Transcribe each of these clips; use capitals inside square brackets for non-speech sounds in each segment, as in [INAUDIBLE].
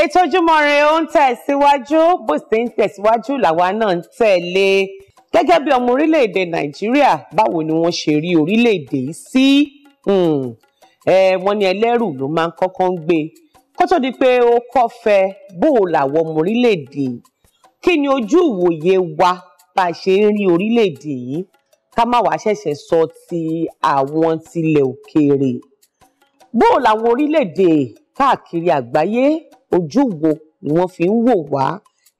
ètò ojúmọ́ ire ó ń tẹ̀síwájú bó sì ń tẹ̀síwájú làwa náà ń tẹ̀lé gẹ́gẹ́ bí ọmọ orílẹ̀-èdè nàìjíríà báwo ni wọ́n ṣe rí orílẹ̀-èdè yìí sí hmm. wọ́n ní ẹlẹ́rù ló máa ń kọ́kọ́ ń gbé kó tó di pé ó kọ́fẹ́ bó o làwọn ọmọ orílẹ̀-èdè yìí kí ni ojú ìwòye wa bá a ṣe ń rí orílẹ̀-èdè yìí ká má wàá ṣẹ̀ṣẹ̀ sọ ti àwọn tilẹ̀ òkèèrè bó làwọn orílẹ̀-èdè káàkiri àgbáyé ojú wo ni wọ́n fi ń wò wá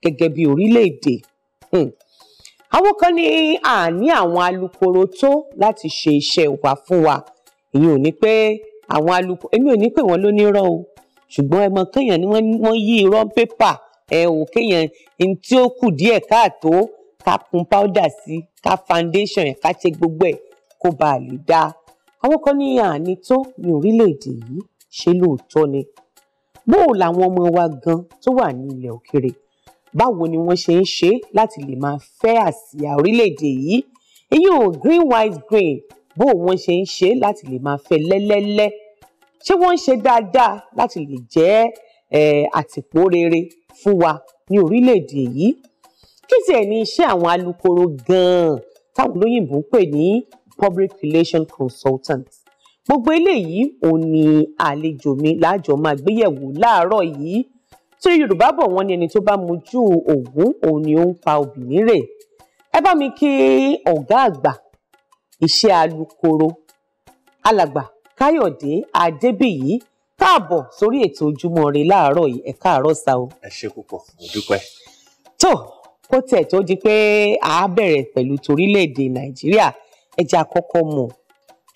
gẹ́gẹ́ bí orílẹ̀-èdè. Hmm. àwọn kan ní àní àwọn alukoro tó láti ṣe iṣẹ́ wa fún wa èyí ò ní pé àwọn alukoro èmi ò ní pè wọ́n lónírọ́ o ṣùgbọ́n ẹ mọ kéèyàn ni wọ́n yí irọ́ pépà ẹ ò kéèyàn ní tí ó kù díẹ̀ káàtó ká kun powder sí ká foundation ká ṣe gbogbo ẹ̀ kó bàa lè dáa àwọn kan ní àní tó ní orílẹ̀-èdè yìí ṣe lóòótọ́ ni bóò làwọn ọmọ wa gan tó wà ní ilẹ̀ òkèrè báwo ni wọ́n ṣe ń ṣe láti lè máa fẹ́ àsíá orílẹ̀-èdè yìí ìyẹn green white green bó wọ́n ṣe ń ṣe láti lè máa fẹ́ lẹ́lẹ́lẹ́ ṣé wọ́n ń ṣe dáadáa láti lè jẹ́ àtìpó rere fún wa ní orílẹ̀-èdè yìí kí tiẹ̀ ní iṣẹ́ àwọn alukoro gan-an táwọn olóyìnbó ń pè ní public relation consultants gbogbo eléyìí òun ni àlejò mi láàjọ máa gbéyẹ̀wò láàárọ̀ yìí torí yorùbá bọ̀ wọ́n ní ẹni tó bá mojú ògún òun ni ó ń pa obì nírè ẹ bá mi kí ọ̀gá àgbà iṣẹ́ alukoro alàgbà káyọ̀dé adébíyí káàbọ̀ sórí ètò ojúmọ́ ire láàárọ̀ yìí ẹ káàárọ̀ sa o. ẹ ṣe púpọ̀ mo dúpẹ́. tó kó tiẹ̀ tó di pé a bẹ̀rẹ̀ pẹ̀lú torílẹ̀-èdè nàìjíríà ẹ àkọ́kọ́ mọ̀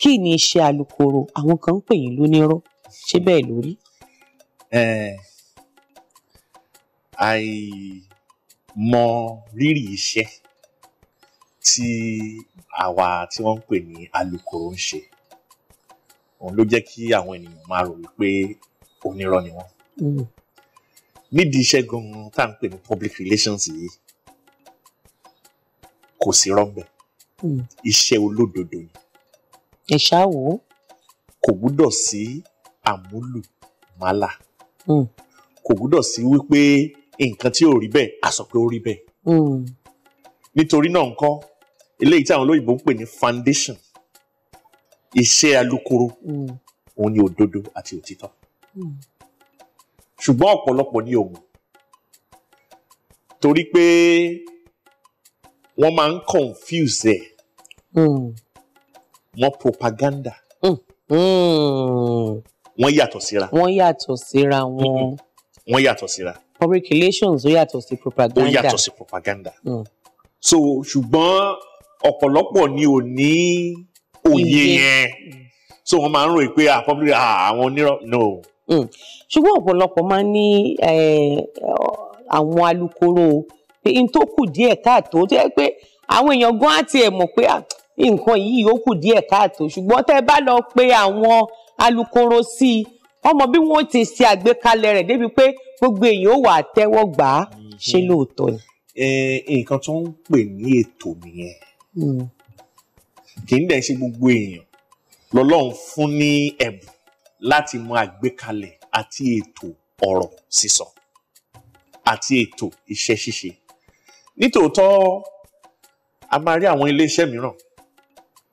kí ni iṣẹ́ alukoro àwọn kan ń pè yín lónírọ́ ṣé bẹ́ẹ̀ ló rí. àìmọ rírì iṣẹ́ tí àwa tí wọ́n ń pè ní alukoro ń ṣe òun ló jẹ́ kí àwọn ènìyàn máa rò wípé onírọ́ ni wọ́n. Hmm. nídìí iṣẹ́ gan tá à ń pè ní public relations yìí kò sí rọ́ǹbẹ̀ hmm. iṣẹ́ olódodo ni ẹ ṣáà wò ó. kò gbúdọ̀ sí àmúlùmálà hmm. kò gbúdọ̀ sí wípé nǹkan tí ò rí bẹ́ẹ̀ a sọ pé ó rí bẹ́ẹ̀ hmm. nítorí náà nǹkan eléyìí tí àwọn olóyìnbó ń pè ní foundation iṣẹ́ alukoro hmm. òun ni òdodo àti òtítọ́ ṣùgbọ́n ọ̀pọ̀lọpọ̀ ní òun torí pé wọ́n máa ń confuse ẹ̀ wọ́n propaganda. Hmm, hmm. wọ́n yàtọ̀ síra. wọ́n yàtọ̀ síra wọn. Hmm, wọ́n yàtọ̀ síra. public relations ó yàtọ̀ sí propaganda. ó yàtọ̀ sí propaganda. Mm. so ṣùgbọ́n ọ̀pọ̀lọpọ̀ ni ò ní òye yẹn so wọ́n máa ń ròyìn pé ah, public ah, àwọn onírọ̀ no. ṣùgbọ́n ọ̀pọ̀lọpọ̀ máa ń ní àwọn alukoro pé n tó kù díẹ̀ káàtó tó yẹ pé àwọn èèyàn gan á tiẹ̀ mọ̀ pé ah, nǹkan yìí ó kù díẹ̀ káàtó ṣùgbọ́n tẹ́ ẹ bá lọ pe àwọn alukoro sí i ọmọ bí wọ́n ti ṣe àgbékalẹ̀ rẹ̀ débi pé gbogbo èèyàn ó wà á tẹ́wọ́ gbà á ṣe mhm. lóòótọ́ ni. nǹkan tó ń pè ní ètò nìyẹn hmm. kì í dẹ̀ ṣe gbogbo èèyàn lọ́lọ́run fún ní ẹ̀bùn láti mọ àgbékalẹ̀ àti ètò ọ̀rọ̀ sísọ àti ètò iṣẹ́ ṣíṣe nítòótọ́ a máa rí àwọn iléeṣẹ́ mìíràn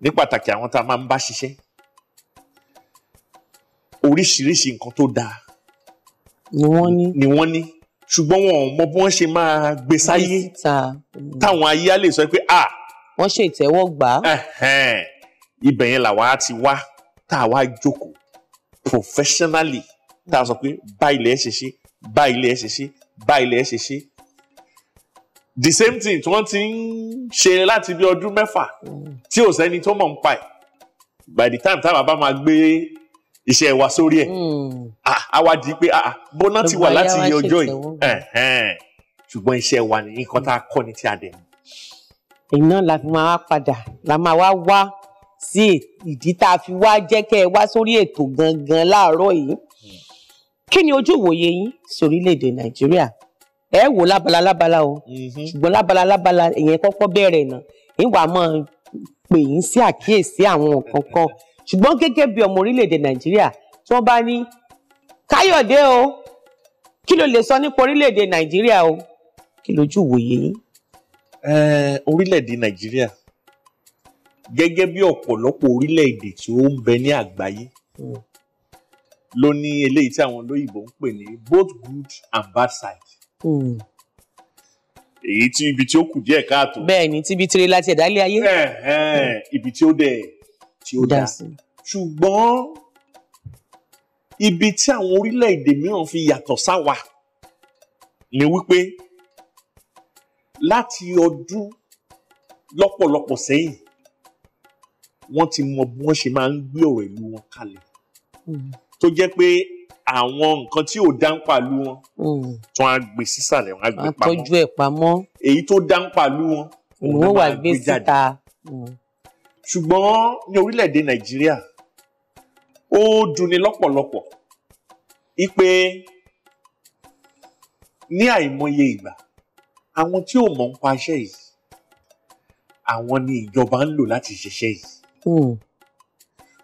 ní pàtàkì àwọn tá a máa ń bá ṣiṣẹ́ oríṣiríṣi nǹkan tó dáa ni wọ́n ní ni wọ́n ní ṣùgbọ́n wọn ò mọ bí wọ́n ṣe máa gbé sáyé táwọn ayé á lè sọ pé a. wọ́n ṣe ìtẹ́wọ́gbà. ibẹ̀ yẹn làwa ti wá tá a wá jókòó professionally tá a sọ pé báyìí lẹ́ẹ̀ ṣe ṣe báyìí lẹ́ẹ̀ ṣe ṣe báyìí lẹ́ẹ̀ ṣe ṣe the same thing tí wọ́n ti ń ṣe láti bí ọdún mẹ́fà tí ò sẹ́ni tó mọ̀ ń pa ẹ̀ by the time táwọn bá máa gbé iṣẹ́ wa sórí ẹ̀ àwa hmm. di pé bọ́nà ah, ah, ti wà láti iye ọjọ́ yìí ṣùgbọ́n iṣẹ́ wa ní nǹkan tá a kọ́ ni tí a dẹ̀. iná la fi máa wá padà la máa wá wá sí ìdí tá a fi wá jẹ́ kẹ́ ẹ wá sórí ètò gangan láàárọ̀ yìí hmm. kí ni ojú ìwòye yín sí èdè Nàìjíríà ẹ wò lábala lábala o mhm. ṣùgbọ́n lábala lábala ìyẹn kọ́kọ́ bẹ̀rẹ̀ náà ìwà máa pè yín sí àkíyèsí àwọn nǹkan kan ṣùgbọ́n gẹ́gẹ́ bí ọmọ orílẹ̀-èdè nàìjíríà tí wọ́n bá ní káyọ̀dé o kí ló lè sọ nípa orílẹ̀-èdè nàìjíríà o kí lójú wòye yín. orílẹ̀-èdè nàìjíríà gẹ́gẹ́ bí ọ̀pọ̀lọpọ̀ orílẹ̀-èdè tí ó ń bẹ ní àgbáyé hmm. ló ní eléyìí tí àwọn olóyìnbó ń pè ní both good and bad side èyí tí ibi tí ó kù díẹ̀ káàtó. bẹ́ẹ̀ ni tíbi tirẹ̀ láti ẹ̀dá ilé ayé. ibi tí ó dẹ̀ tí ó dá ṣùgbọ́n ibi tí àwọn orílẹ̀-èdè mìíràn fi yàtọ̀ sáwa ni wípé láti ọdún lọ́pọ̀lọpọ̀ sẹ́yìn wọ́n ti mọ bí wọ́n ṣe máa ń gbé ọ̀rọ̀ ìlú wọn kalẹ̀ hmm. tó jẹ́ pé àwọn nǹkan tí ò dánpàlú wọn tí wọ́n á gbé sísàlẹ̀ wọ́n á gbé pamọ́ wọ́n á tọ́jú ẹ̀ pamọ́ èyí tó dánpàlú wọn òun wà gbé síta ṣùgbọ́n ní orílẹ̀-èdè nàìjíríà ó dunni lọ́pọ̀lọpọ̀ ipe ní àìmọye ìgbà àwọn tí ò mọ̀ ń pa iṣẹ́ yìí àwọn ni ìjọba ń lò láti ṣiṣẹ́ yìí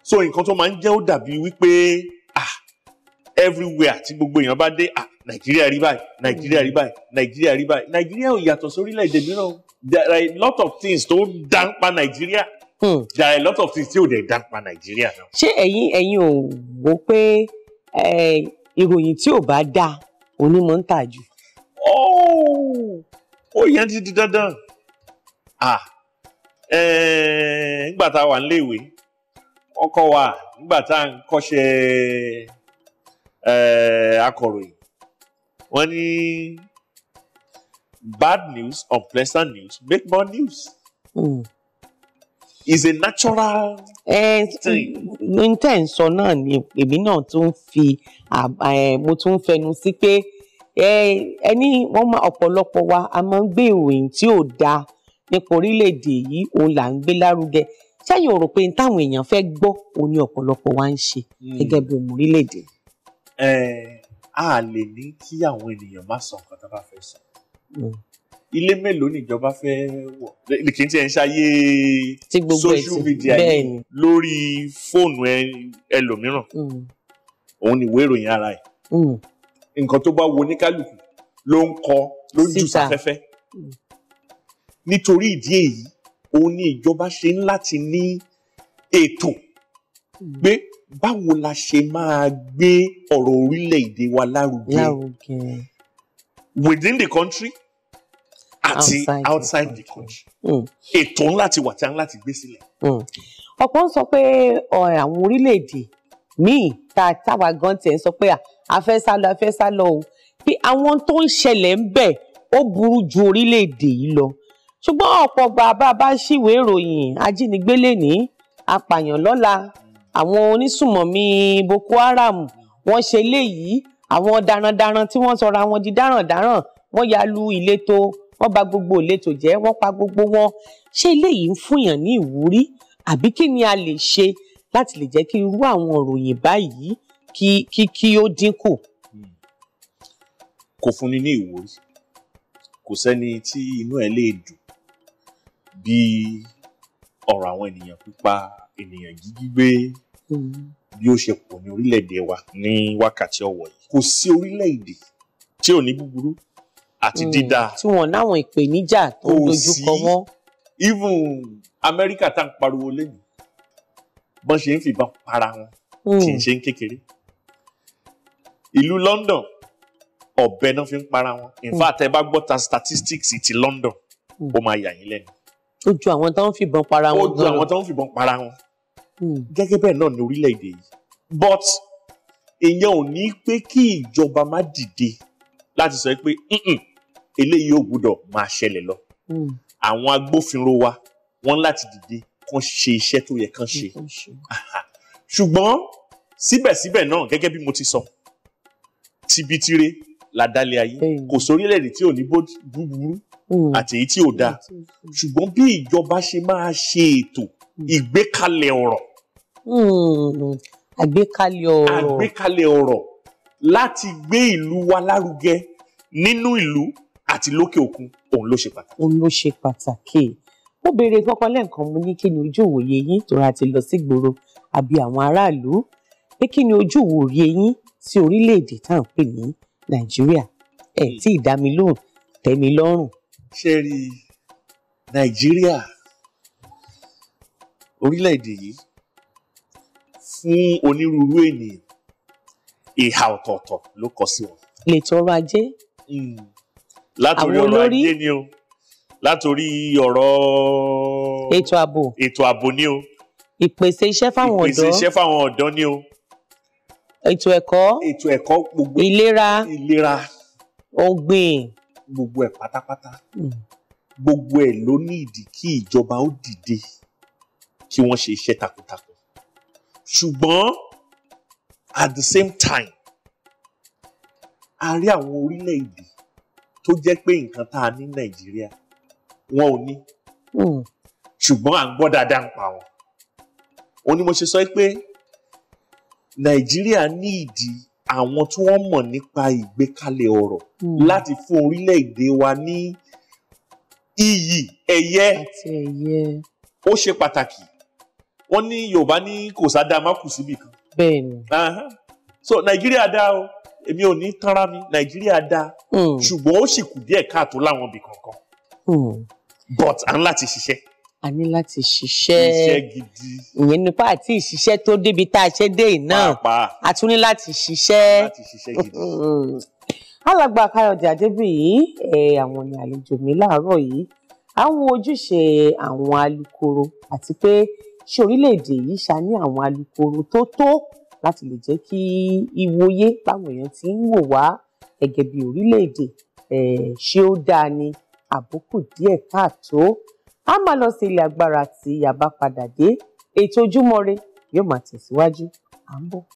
so nǹkan tó máa ń jẹ́ ó dàbí wípé everywhere tí gbogbo èèyàn bá dé ah nàìjíríà rí báyìí nàìjíríà rí báyìí nàìjíríà rí báyìí nàìjíríà ò yàtọ̀ sórílẹ̀-èdè mìíràn there are a lot of things tó dá ń pa nàìjíríà hmm. there are a lot of things tí ò dẹ̀ dá ń pa nàìjíríà náà. ṣé ẹ̀yin ẹ̀yin ò wò pé ìròyìn tí ò bá dáa onímọ̀ ń tà jù. Oh, ó yẹn ti di dandan ah, nígbà tá a wà níléèwé ọkọ wa nígbà tá a ń kọ́ṣẹ́ Eh, akọ̀ròyìn wọ́n ní bad news unpleasant news make more news. Mm. is a natural eh, thing. n tẹ́ ń sọ náà ni èmi náà tún fi eh, mo tún fẹnu sí pé eh, ẹni wọ́n máa ọ̀pọ̀lọpọ̀ wa a máa ń gbé ìròyìn tí ò dáa nípa orílẹ̀-èdè yìí òun là ń gbé lárugẹ ṣẹ́yìn ò rò pé táwọn èèyàn fẹ́ gbọ́ òun ni ọ̀pọ̀lọpọ̀ wa ń ṣe hmm. gẹ́gẹ́ bí ọmọ orílẹ̀-èdè yìí. Eh, a lè ní kí àwọn ènìyàn má sọ nǹkan tó bá fẹ́ sọ hmm. ilé mélòó níjọba fẹ́ wọ̀ kì í tiẹ̀ ń ṣayé social media yìí lórí fóònù ẹlòmíràn hmm. òun ni ìwé ìròyìn ara ẹ̀ hmm. nǹkan tó bá wo oníkálukú ló ń kọ ló ń jù sáfẹ́fẹ́ nítorí ìdí èyí òun ni ìjọba ṣe ń láti ní ètò pé báwo la ṣe máa gbé ọ̀rọ̀ orílẹ̀-èdè wa lárugẹ within the country àti outside, the country ètò ńlá ti wà tí a ń láti gbé sílẹ̀. Hmm. Hmm. ọ̀pọ̀ ń sọ pé àwọn orílẹ̀-èdè míì tá táwa gan tiẹ̀ ń sọ pé a fẹ́ sá lọ a fẹ́ sá lọ o pé àwọn tó ń ṣẹlẹ̀ ń bẹ̀ ó burú ju orílẹ̀-èdè yìí lọ ṣùgbọ́n ọ̀pọ̀ gbà bá a bá ṣíwèé ìròyìn ajínigbé lè ní apààyàn lọ́la àwọn onísùmọ̀mí Boko Haram wọ́n ṣe léyìí àwọn darandaran tí wọ́n sọra wọn di darandaran wọ́n ya lu ìletò wọ́n bà gbogbo ìletò jẹ́ wọ́n pa gbogbo wọn ṣé eléyìí ń fúnyàn ní ìwúrí àbí kí ni a lè ṣe láti lè jẹ́ kí irú àwọn òròyìn báyìí kí kí kí ó dínkù. kò fúnni ní ìwúrí kò sẹ́ni tí inú ẹ̀ lè dùn bíi ọ̀rọ̀ àwọn ènìyàn pípa ènìyàn jíjígbé bí ó ṣe pọ̀ ní orílẹ̀-èdè wa ní wákàtí ọ̀wọ̀ yìí kò sí orílẹ̀-èdè tí ò ní búburú àti hmm, dídá. tí wọn náwọn ìpèníjà tó dojúkọ wọn. even amẹ́ríkà tá ń pariwo lẹ́nu bọ́n ṣe ń fìbọn para wọn hmm. kì í ṣe ń kékeré. ìlú London ọ̀bẹ náà fi ń para wọn in hmm. fact ẹ bá gbọ́ ta statistics ti London ó máa yà yín lẹ́nu ó ju àwọn tó ń fìbọn para wọn. ó ju àwọn tó ń fìbọn para wọn. gẹ́gẹ́ bẹ́ẹ̀ náà ní orílẹ̀-èdè yìí but èèyàn ò ní pé kí ìjọba má dìde láti sọ pé eléyìí ò gbúdọ̀ máa ṣẹlẹ̀ lọ. Hmm. àwọn agbófinró wa wọ́n láti dìde kán ṣe iṣẹ́ tó yẹ kán ṣe. ṣùgbọ́n síbẹ̀síbẹ̀ náà gẹ́gẹ́ bí mo ti sọ tibitire làdálẹ̀ ayé kò sórílẹ̀-èdè tí ò ní bó búburú Hmm. àti èyí tí ò dáa hmm. ṣùgbọ́n bí ìjọba ṣe máa ṣe ètò hmm. ìgbékalẹ̀ ọ̀rọ̀. àgbékalẹ̀ ọ̀rọ̀ àgbékalẹ̀ ọ̀rọ̀ láti gbé ìlú wa lárugẹ nínú ìlú àti lókè òkun òun ló ṣe pàtàkì. òun ló ṣe pàtàkì mo béèrè kọ́kọ́ lẹ́ǹkan mo ní kí ni ojú ìwòye yín tó ti lọ sí ìgboro àbí àwọn aráàlú pé kí ni ojú ìwòye yín sí orílẹ̀-èdè tá à ń pè ní nàìjíríà ẹ̀ tí ìdámilóhùn tẹ́mi lọ́rùn ṣe rí nàìjíríà orílẹ̀-èdè yìí fún onírúurú ènìyàn ìhà ọ̀tọ̀ọ̀tọ̀ ló kọ sí wọn. lètò ọrọ̀ ajé. Hmm. látòrí ọrọ̀ ajé ni o látòrí ọ̀rọ̀. ètò ààbò. ètò ààbò ni o. ìpèsè iṣẹ́ fáwọn ọ̀dọ́. ìpèsè iṣẹ́ fáwọn ọ̀dọ́ ni o. ètò ẹ̀kọ́. ètò ẹ̀kọ́ gbogbo. ìlera. ìlera. ọ̀gbìn gbogbo ẹ̀ pátápátá hmm. gbogbo ẹ̀ ló ní ìdí kí ìjọba ó dìde kí wọ́n ṣe iṣẹ́ takuntakun ṣùgbọ́n at the same time a rí àwọn orílẹ̀-èdè tó jẹ́ pé nǹkan tá a ní Nàìjíríà wọn ò ní hmm. ṣùgbọ́n à ń gbọ́ dáadáa ń pa wọn òun ni mo ṣe sọ pé Nàìjíríà ní ìdí àwọn tí wọ́n mọ̀ nípa ìgbékalẹ̀ ọ̀rọ̀ hmm. láti fún orílẹ̀-èdè wa ní iyì ẹ̀yẹ ó ṣe pàtàkì wọ́n ní Yorùbá ní kò sáda má kù síbì kan. so Nàìjíríà dá o èmi ò ní tanra mi Nàìjíríà dá hmm. ṣùgbọ́n ó sì kù díẹ̀ káàtó láwọn ibì kankan hmm. but à ń láti ṣiṣẹ́ a ní láti ṣiṣẹ́ gidi ìyẹn nípa àti ìṣiṣẹ́ tó débi tá a ṣe dé iná a tún ní láti ṣiṣẹ́ [LAUGHS] alàgbà Káyọ̀dé Adébíyì ẹ àwọn ni àlejò mi láàárọ̀ yìí àwọn ojúṣe àwọn alukoro àti pé ṣé orílẹ̀-èdè yìí ṣá ní àwọn alukoro tó tó láti lè jẹ́ kí ìwòye báwọn èèyàn ti ń wò wá gẹ́gẹ́ bí orílẹ̀-èdè ṣé ó dáa ni àbùkù díẹ̀ káàtó a máa lọ sí ilé agbára tí a bá padà dé ètò ojúmọ́ yóò máa tẹ̀síwájú à ń bọ̀.